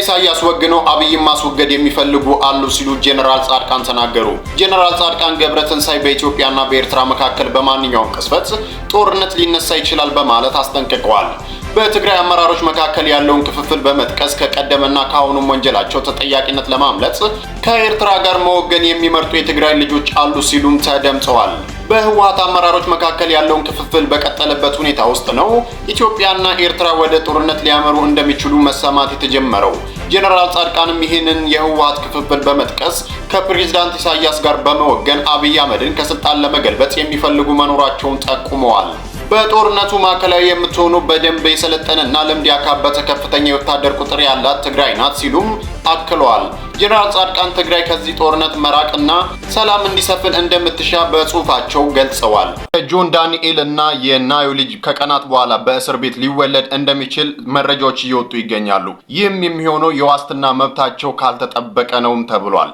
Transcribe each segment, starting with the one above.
ኢሳያስ ወግነው አብይን ማስወገድ የሚፈልጉ አሉ ሲሉ ጄኔራል ጻድቃን ተናገሩ። ጄኔራል ጻድቃን ገብረትንሳይ በኢትዮጵያና በኤርትራ መካከል በማንኛውም ቅስፈት ጦርነት ሊነሳ ይችላል በማለት አስጠንቅቀዋል። በትግራይ አመራሮች መካከል ያለውን ክፍፍል በመጥቀስ ከቀደመና ከአሁኑም ወንጀላቸው ተጠያቂነት ለማምለጥ ከኤርትራ ጋር መወገን የሚመርጡ የትግራይ ልጆች አሉ ሲሉም ተደምጸዋል። በህወሀት አመራሮች መካከል ያለውን ክፍፍል በቀጠለበት ሁኔታ ውስጥ ነው ኢትዮጵያና ኤርትራ ወደ ጦርነት ሊያመሩ እንደሚችሉ መሰማት የተጀመረው። ጄኔራል ጻድቃንም ይህንን የህወሀት ክፍፍል በመጥቀስ ከፕሬዝዳንት ኢሳያስ ጋር በመወገን አብይ አህመድን ከስልጣን ለመገልበጥ የሚፈልጉ መኖራቸውን ጠቁመዋል። በጦርነቱ ማዕከላዊ የምትሆኑ በደንብ የሰለጠነና ልምድ ያካበተ ከፍተኛ የወታደር ቁጥር ያላት ትግራይ ናት ሲሉም አክለዋል። ጀነራል ጻድቃን ትግራይ ከዚህ ጦርነት መራቅና ሰላም እንዲሰፍን እንደምትሻ በጽሁፋቸው ገልጸዋል። የጆን ዳንኤል እና የናዩ ልጅ ከቀናት በኋላ በእስር ቤት ሊወለድ እንደሚችል መረጃዎች እየወጡ ይገኛሉ። ይህም የሚሆነው የዋስትና መብታቸው ካልተጠበቀ ነውም ተብሏል።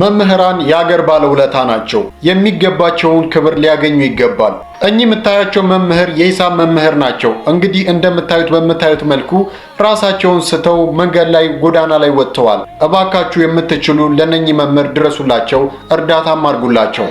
መምህራን የአገር ባለውለታ ናቸው። የሚገባቸውን ክብር ሊያገኙ ይገባል። እኚህ የምታያቸው መምህር የሂሳብ መምህር ናቸው። እንግዲህ እንደምታዩት በምታዩት መልኩ ራሳቸውን ስተው መንገድ ላይ ጎዳና ላይ ወጥተዋል። እባካችሁ የምትችሉ ለነኚህ መምህር ድረሱላቸው፣ እርዳታም አድርጉላቸው።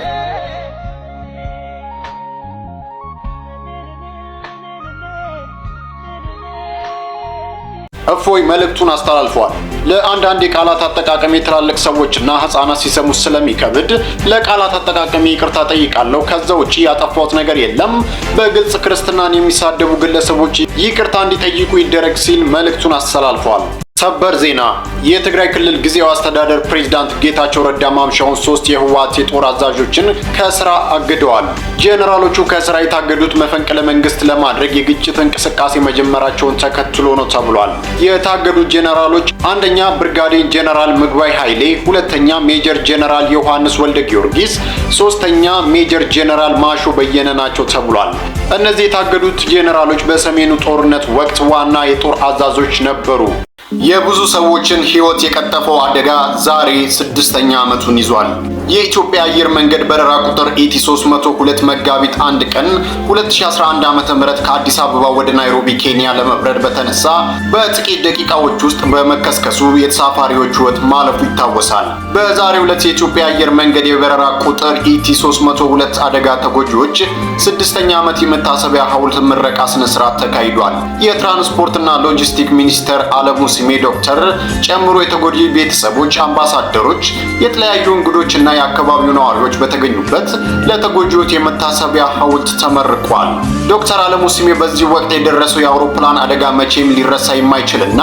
እፎይ መልእክቱን አስተላልፏል። ለአንዳንድ የቃላት አጠቃቀም ትላልቅ ሰዎችና ህጻናት ሲሰሙ ስለሚከብድ ለቃላት አጠቃቀም ይቅርታ ጠይቃለሁ። ከዛ ውጭ ያጠፋሁት ነገር የለም። በግልጽ ክርስትናን የሚሳደቡ ግለሰቦች ይቅርታ እንዲጠይቁ ይደረግ ሲል መልእክቱን አስተላልፏል። ሰበር ዜና የትግራይ ክልል ጊዜያዊ አስተዳደር ፕሬዝዳንት ጌታቸው ረዳ ማምሻውን ሶስት የህወሓት የጦር አዛዦችን ከስራ አግደዋል። ጄኔራሎቹ ከስራ የታገዱት መፈንቅለ መንግስት ለማድረግ የግጭት እንቅስቃሴ መጀመራቸውን ተከትሎ ነው ተብሏል። የታገዱት ጄኔራሎች አንደኛ ብርጋዴር ጄኔራል ምግባይ ኃይሌ፣ ሁለተኛ ሜጀር ጄኔራል ዮሐንስ ወልደ ጊዮርጊስ፣ ሶስተኛ ሜጀር ጄኔራል ማሾ በየነ ናቸው ተብሏል። እነዚህ የታገዱት ጄኔራሎች በሰሜኑ ጦርነት ወቅት ዋና የጦር አዛዦች ነበሩ። የብዙ ሰዎችን ሕይወት የቀጠፈው አደጋ ዛሬ ስድስተኛ ዓመቱን ይዟል። የኢትዮጵያ አየር መንገድ በረራ ቁጥር ኢቲ 302 መጋቢት አንድ ቀን 2011 ዓ.ም ከአዲስ አበባ ወደ ናይሮቢ ኬንያ ለመብረር በተነሳ በጥቂት ደቂቃዎች ውስጥ በመከስከሱ የተሳፋሪዎች ህይወት ማለፉ ይታወሳል። በዛሬው ዕለት የኢትዮጵያ አየር መንገድ የበረራ ቁጥር ኢቲ 302 አደጋ ተጎጂዎች ስድስተኛ ዓመት የመታሰቢያ ሐውልት ምረቃ ስነ ስርዓት ተካሂዷል። የትራንስፖርትና ሎጂስቲክ ሚኒስተር አለሙ ስሜ ዶክተር ጨምሮ የተጎጂ ቤተሰቦች፣ አምባሳደሮች፣ የተለያዩ እንግዶችና የአካባቢው ነዋሪዎች በተገኙበት ለተጎጂዎች የመታሰቢያ ሐውልት ተመርቋል። ዶክተር አለሙ ስሜ በዚህ ወቅት የደረሰው የአውሮፕላን አደጋ መቼም ሊረሳ የማይችልና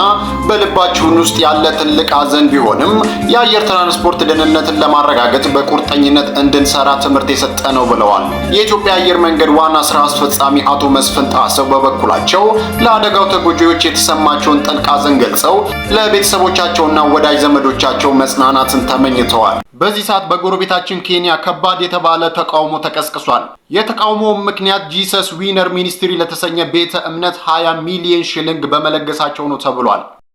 በልባችሁን ውስጥ ያለ ትልቅ ሐዘን ቢሆንም የአየር ትራንስፖርት ደህንነትን ለማረጋገጥ በቁርጠኝነት እንድንሰራ ትምህርት የሰጠ ነው ብለዋል። የኢትዮጵያ አየር መንገድ ዋና ስራ አስፈጻሚ አቶ መስፍን ጣሰው በበኩላቸው ለአደጋው ተጎጂዎች የተሰማቸውን ጥልቅ ሐዘን ገልጸው ለቤተሰቦቻቸውና ወዳጅ ዘመዶቻቸው መጽናናትን ተመኝተዋል። በዚህ ሰዓት በጎረቤታችን ኬንያ ከባድ የተባለ ተቃውሞ ተቀስቅሷል። የተቃውሞው ምክንያት ጂሰስ ዊነር ሚኒስትሪ ለተሰኘ ቤተ እምነት 20 ሚሊዮን ሽልንግ በመለገሳቸው ነው ተብሏል።